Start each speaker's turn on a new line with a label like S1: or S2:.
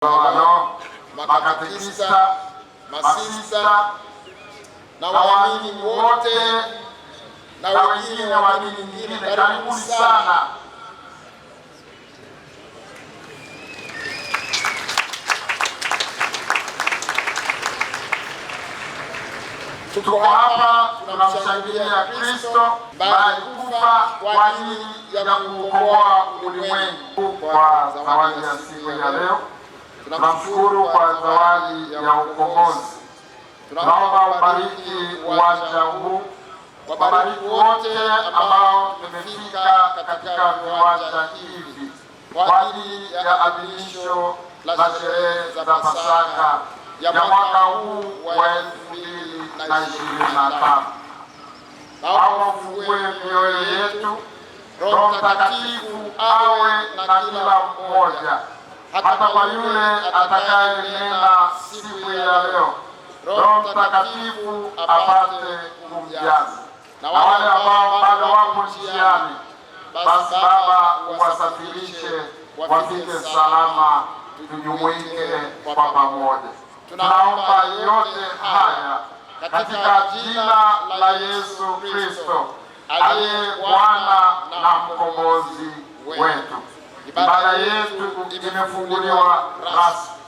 S1: Wano makatekista, masista na waamini wote na wengine wa dini nyingine, karibu sana. Tuko hapa tunamshangilia Kristo bali kufa kwa ajili ya kuokoa ulimwengu kwa zawadi ya siku ya leo tunashukuru kwa zawadi ya ukombozi. Tunaomba ubariki uwanja huu, wabariki wote ambao tumefika katika viwanja hivi kwa ajili ya adhimisho la sherehe za Pasaka ya mwaka huu wa elfu mbili na ishirini na tano. Naomba ufungue mioyo yetu, Roho Mtakatifu awe na kila mmoja hata kwa yule atakayenena siku ya leo Roho Mtakatifu apate kumjaza, na wale ambao bado wapo njiani, basi Baba uwasafirishe wafike salama, tujumuike kwa pamoja. Tunaomba yote haya katika jina la Yesu Kristo aliye Bwana na mkombozi wetu ibada yetu imefunguliwa rasmi.